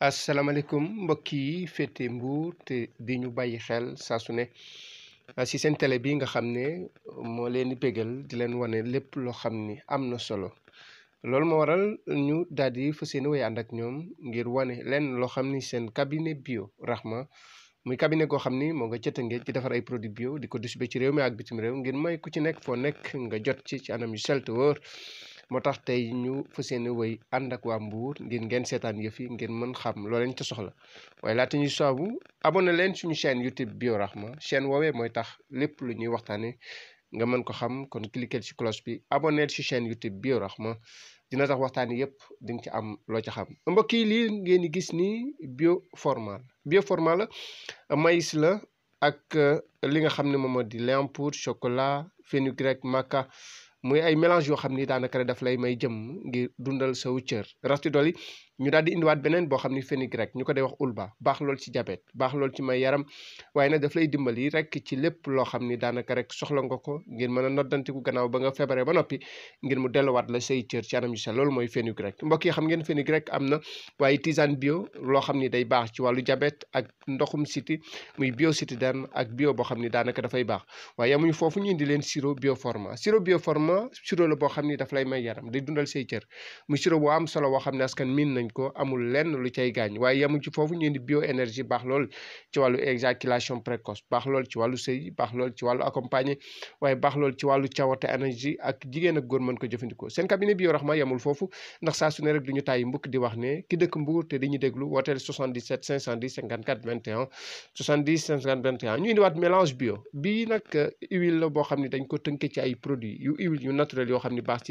asalaamaaleykum mbokk yi féete Mbour te di ñu bàyyi xel saa su ne ah, si seen tele bi nga xam ne moo leen di bégal di leen wane lépp loo xam ni am na solo loolu moo waral ñu daal di fas yéene way ànd ak ñoom ngir wane leen loo xam ni seen cabinet bio Rahma muy cabinet goo xam ni moo nga ca Tëngéej di defar ay produit bio di ko distribuer ci réew mi ak bitim réew ngir may ku ci nekk foo nekk nga jot ci ci anam yu sell te moo tax tey ñu fas yéene wéy ànd ak waa Mbour ngir ngeen seetaan yëf yi ngeen mën xam loo leen ca soxla waaye laata ñuy soobu abonné leen suñu chaîne YouTube ma chaîne woowee mooy tax lépp lu ñuy waxtaane nga mën ko xam kon cliquer ci cloche bi abonné ci chaîne YouTube Biorahma dina tax waxtaan yëpp di nga ci am loo ca xam mbokk yi lii ngeen di gis ni bioformat la bioformat la maïs la ak li nga xam ne moom moo di lin pour chocolat fenugrec maca muy ay mélange yoo xam ni daanaka dafa lay may jëm ngir dundal saw cër rasti doli ñu daal di indiwaat beneen boo xam ni fenugrec ñu ko dee wax ulba baax lool ci diabète baax lool ci may yaram waaye nag dafay lay dimbali rek ci lépp loo xam ni daanaka rek soxla nga ko ngir mën a noddantiku gannaaw ba nga feebaree ba noppi ngir mu delluwaat la say cër ci anam yu sell loolu mooy fenugrec mbokk yi xam ngeen fenugrec am na waaye tisane bio loo xam ni day baax ci wàllu diabète ak ndoxum siti muy bio citadine ak bio boo xam ni daanaka dafay baax waaye amuñu foofu ñu indi leen sirop bioforma sirop bioforma sirop la boo xam ni daf lay may yaram day dundal say cër muy sirop am solo boo xam ne askan miin nañ ko amul lenn lu cay gaañ waaye yemuñ ci foofu ñu ni bioénergie baax lool ci wàllu éjaculation précoce baax lool ci wàllu sëy baax lool ci wàllu accompagner waaye baax lool ci wàllu cawate énergie ak jigéen ak mën ko jëfandikoo seen cabinet bio Rahma yemul foofu ndax saa su rek du ñu tàyyi mbukk di wax ne ki dëkk Mbour te dañuy déglu wooteel 77 510 54 21 70 54 21 ñu indiwaat mélange bio bii nag euh, huile la boo xam yoo xam ne baax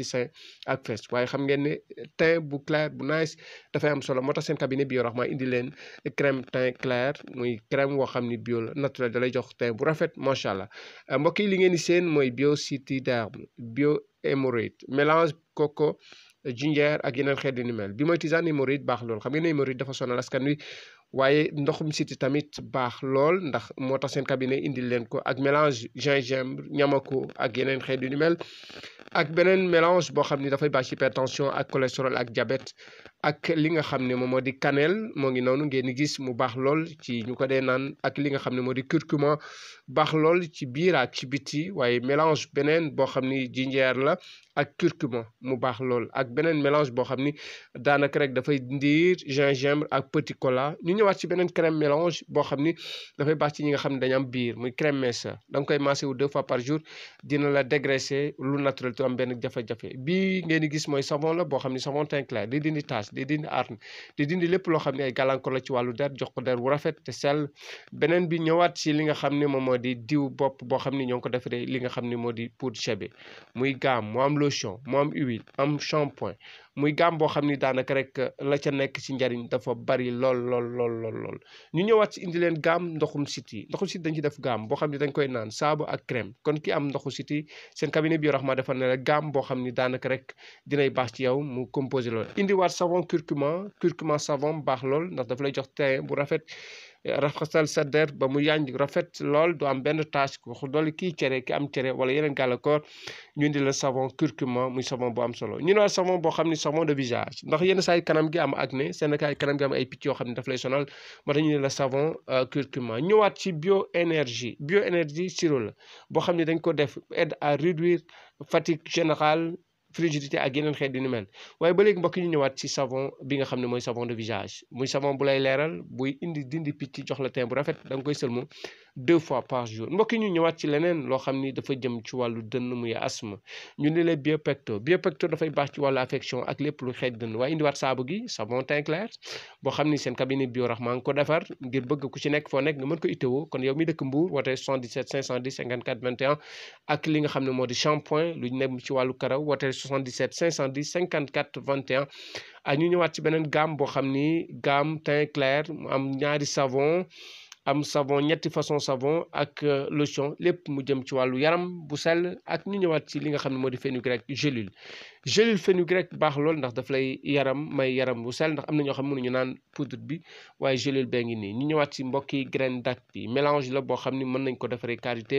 dafay am solo moo tax seen cabinet ma indi leen crème teint clair muy crème woo xam ni bio la naturel da lay jox teint bu rafet macha allah euh, mbokk yi li ngeen di seen mooy bio citiderme bio hémorroïde mélange coco. jinjeer ak yeneen xeet yu ni mel bi mooy tisane hémorroïde baax lool xam ngeen ne dafa sonal askan wi waaye ndoxum siti tamit baax lool ndax moo tax seen cabinet indil leen ko ak mélange gingembre ñamako ak yeneen xeet yu ni mel ak beneen mélange boo xam ni dafay baax hypertension ak cholestérol ak diabète ak li nga xam ne moom moo di cannelle moo ngi noonu ngeen gis mu baax lool ci ñu ko dee naan ak li nga xam ne moo di curcuma baax lool ci biir ak ci biti waaye mélange beneen boo xam ni jinjeer la ak curcuma mu baax lool ak beneen mélange boo xam ni daanaka rek dafay ndiir gingembre ak petit cola ñëwaat ci beneen crème mélange boo xam ni dafay baax ci ñi nga xam ne dañu am biir muy crème mince da nga koy massé wu de fois par jour dina la dégraisser lu naturel tu am benn jafe-jafe bii ngeen di gis mooy savon la boo xam ni savon teint clair di dindi tache di dindi arne di dindi lépp loo xam ne ay gàllankoor la ci wàllu der jox ko der wu rafet te sell beneen bi ñëwaat ci li nga xam ni moom moo di diw bopp boo xam ni ñoo ngi ko defaree li nga xam ni moo di poudre chébé muy gamme mu am lotion mu am huile am shampoing muy gaam boo xam ni daanaka rek uh, la ca nekk ci njariñ dafa bari lool lool lool lool lool ñu ñëwaat ci indi leen gaam ndoxum siti ndoxum siti dañ ci def gaam boo xam ne dañ koy naan saabu ak crème kon ki am ndoxu siti seen cabinet Biorahma dafa ne la boo xam ni daanaka rek dinay baax ci yow mu composé lool indiwaat savon curcuma curcuma savon baax lool ndax dafa lay jox teint bu rafet rafetal sa der ba mu yànj rafet lool du am benn tache waxu dolli kii cere ki am cere wala yeneen gàllankoor ñu indi la savon curcuma muy savon bu am solo ñu ne savon boo xam ni savon de visage ndax yenn saa kanam gi am acné seen kaay kanam gi am ay picc yoo xam ne daf lay sonal moo tax ñu ne la savon euh, curcuma ñëwaat si bio énergie bio énergie sirop la boo xam ne dañ ko def aide à réduire fatigue général frigidité ak yeneen xeet di ni mel waaye ba léegi mbokk ñu ñëwaat ci savon bi nga xam ne mooy savon de visage muy savon bu lay leeral buy indi dindi picc jox la teint bu rafet da nga koy sëlmu deux fois par jour mbokk ñu ñëwaat ci leneen loo xam ni dafa jëm ci wàllu dënn muy asthme ñu ni la biopecto biopecto dafay baax ci wàllu affection ak lépp lu xeej dënn waaye indiwaat saabu gi savon teint clair xam ni seen cabinet bio rax maa ngi ko defar ngir bëgg ku ci nekk foo nekk nga mën ko itteewoo kon yow mi dëkk Mbour woote 77 510 54 21 ak li nga xam ne moo di shampoing lu ñu nekk ci wàllu karaw woote 77 510 54 21 ah ñu ñëwaat ci beneen gamme boo xam ni gaam teint clair mu am ñaari savon am savon ñetti façon savon ak euh, lotion lépp mu jëm ci wàllu yaram bu sell ak ñu ñëwaat ci li nga xam ne moo di fenugrec gélule gélule fenugrec baax lool ndax daf lay yaram may yaram wu sel ndax am na ñoo xam a ñu naan poudre bi waaye gélule bee ngi nii ñu ñëwaat si mbokki graine date bi mélange la boo xam ni mën nañ ko defaree karité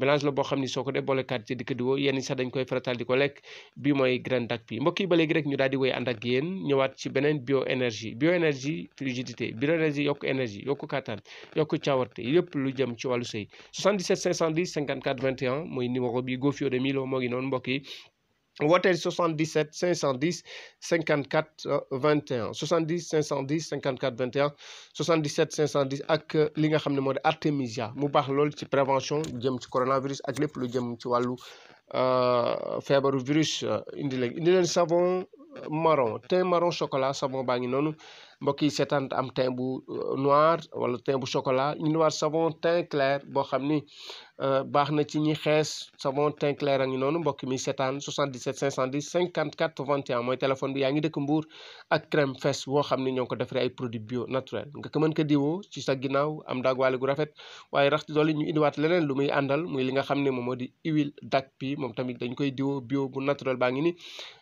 mélange la boo xam ni soo ko def boole karité di ko di yenn sax dañ koy faratal di ko lekk bi mooy graine date bi mbokk yi ba léegi rek ñu daal di woy ànd ak yéen ñëwaat ci beneen bioénergie bioénergie fluidité bioénergie yokk énergie yokk kattan yokk caawarte yépp lu jëm ci wàllu sëy 77 510 54 21 mooy numéro bi Gofio de Milo moo ngi noonu mbokk yi wooteel 77 510 54 21 70 510 54 21 77 510 ak euh, li nga xam ne moo di artémisia mu baax lool ci prévention jëm ci coronavirus ak lépp lu jëm ci wàllu euh, feebaru virus euh, indi leen indi leen savon marron thym marron chocolat savon baa ngi noonu mbokk yi seetaan am teint bu euh, noir wala teint bu chocolat ñu war savon teint clair boo xam ni euh, baax na ci ñi xees savon teint clair a ngi noonu mbokk mi seetaan 77 510 54 21 mooy téléphone bi yaa ngi dëkk Mbour ak crème fess boo xam ni ñoo ngi ko defaree ay produits bio naturel nga ko mën ko diwoo ci sa ginnaaw am daagwaale gu rafet waaye rax ci doole ñu indiwaat leneen lu muy àndal muy li nga xam ne moom moo di huile bi moom tamit dañ koy diwoo bio bu naturel baa ngi ni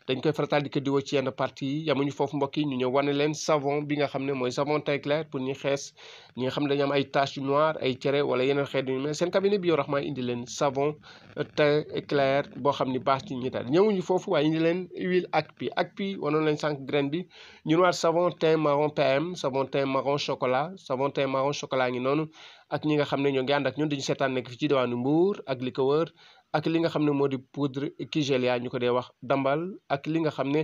dañ koy faratal di ko diwoo ci yenn parties yi mbokk yi ñu ñëw wane leen savon bi nga xam ne mooy savon teint clair pour ñi xees ñi xam ne dañu am ay taches noires ay cere wala yeneen xeet yu mel seen cabinet bi yoo raxmaa indi leen savon teint clair boo xam ni baax ci ñi daal ñëwuñu foofu waaye indi leen huile Akpi Akpi wanoon leen sànq graine bi ñu waat savon teint marron PM savon teint marron chocolat savon teint marron chocolat ngi noonu ak ñi nga xam ne ñoo ngi ànd ak ñun dañu seetaan nekk fi ci diwaanu Mbour ak li ko wër ak li nga xam ne moo di poudre Kigelia ñu ko dee wax dambal ak li nga xam ne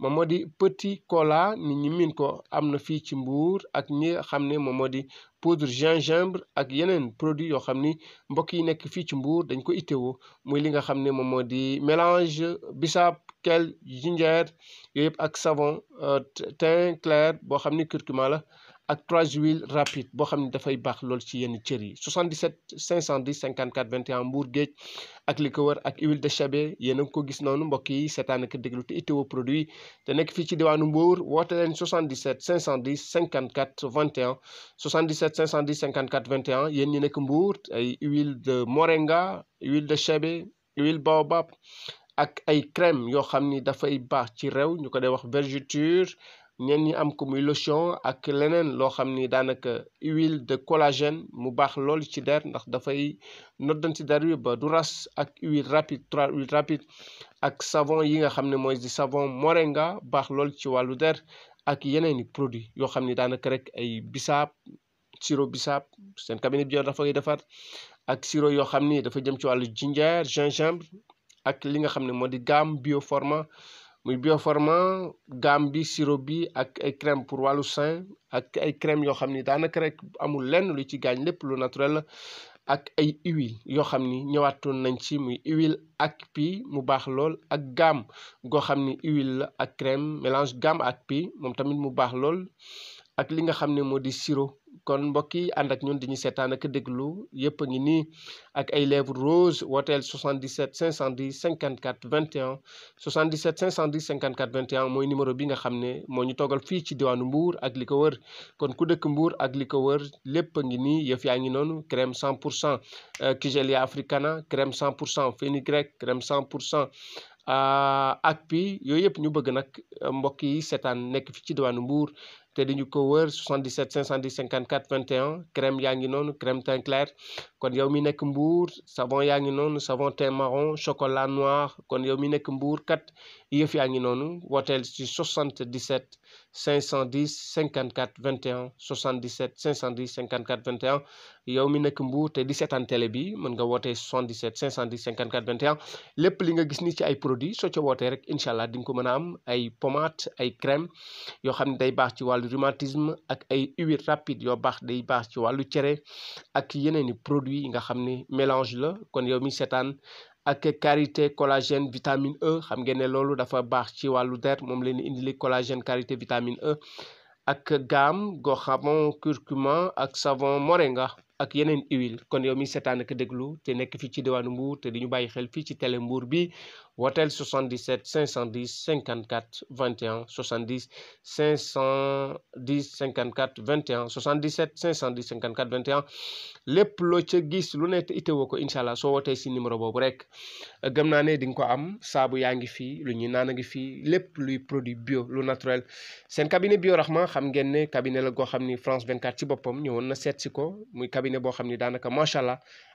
moom moo di petit kola nit ñi miin ko am na fii ci Mbuur ak ñi xam ne moom moo di poudre gingembre ak yeneen produit yoo xam ni mbokk yi nekk fii ci Mbuur dañ ko itteewoo muy li nga xam ne moom moo di mélange bisaab kel ginger yooyu yëpp ak savon euh, teint clair boo xam ni curcuma la ak trois huiles rapides boo xam ne dafay baax lool ci yenn cër yi 77 510 54 21 Mbour Géej ak li ko wër ak huile de chabet yéen a ngi ko gis noonu mbokk yi seetaan ak déglu te itteewoo produit te nekk fii ci diwaanu Mbour woote leen 77 510 54 21 77 510 54 21 yéen ñi nekk Mbour ay huile de moringa huile de chabet huile baobab ak ay crème yoo xam ni dafay baax ci réew ñu ko dee wax vergeture. ñenn ñi am ko muy lotion ak leneen loo xam ni daanaka huile de collagène mu baax loolu ci der ndax dafay noddanti der bi ba du ras ak huile rapide trois huile rapide ak savon yi nga xam ne mooy di savon moringa baax lool ci wàllu der ak yeneen i produit yoo xam ni daanaka rek ay bisaab sirop bisaab seen cabinet bi dafay koy defar ak sirop yoo xam ni dafa jëm ci wàllu ginger gingembre ak li nga xam ne moo di gamme bioforma muy Biofarma gamme bi sirop bi ak ay crème pour wàllu sein ak ay crème yoo xam ni daanaka rek amul lenn lu ci gaañ lépp lu naturel la ak ay huile yoo xam ni ñëwaatoon nañ ci muy huile ak pi mu baax lool ak gamme goo xam ni huile la ak crème mélange gamme ak pi moom tamit mu baax lool ak li nga xam ne moo di sirop. kon mbokk yi ànd ak ñun di ñu seetaan ak déglu yëpp a ngi nii ak ay lèvres roses wooteel 77 510 54 21 77 510 54 21 mooy numéro bi nga xam ne moo ñu toogal fii ci diwaanu mbuur ak li ko wër kon ku dëkk mbuur ak li ko wër lépp ngi nii yëf yaa ngi noonu crème 100 pour cent euh, Kigelia Africana crème cent pour cent fenugrec crème cent pour cent Euh, ak bi yooyu yëpp ñu bëgg nag euh, mbokk yi seetaan nekk fi ci diwaanu Mbour te dañu ko wër 77 510 54 21 crème yaa ngi noonu crème teint kon yow mi nekk Mbour savon yaa ngi noonu savon teint marron chocolat noir kon yow mi nekk mbuur kat yëf yaa ngi noonu wooteel ci 77 510 54 21 77 510 54 21 yow mi nekk Mbour te di seetaan télé bi mën nga wootee 77 510 54 21 lépp li nga gis ni ci ay produits soo ca wootee rek incha allah di nga ko mën a am ay pommade ay crème yoo xam ne day baax ci wàllu rhumatisme ak ay huile rapide yoo baax day baax ci wàllu cere ak yeneen i produits yi nga xam ni mélange la kon yow mi seetaan ak karité collagène vitamine E xam ngeen ne loolu dafa baax ci wàllu der moom leen indilee collagène karité vitamine E ak gaam goxamon curcuma ak savon nga ak yeneen huile kon yow mi seetaan ak déglu te nekk fii ci diwaanu Mbour te di ñu bàyyi xel fii ci tele Mbour bi wooteel 77 510 54 21 70 510 54 21 77 510 54 21 lépp loo ca gis lu nekk itewoo ko incha allah soo wootee si numéro boobu rek gëm naa ne di nga ko am saabu yaa ngi fii lu ñuy naan a ngi fii lépp luy produit bio lu naturel seen cabinet bio Rahma xam ngeen ne cabinet la goo xam ni France 24 ci boppam ñëwoon na seet si ko muy cabinet boo xam ni daanaka macha allah.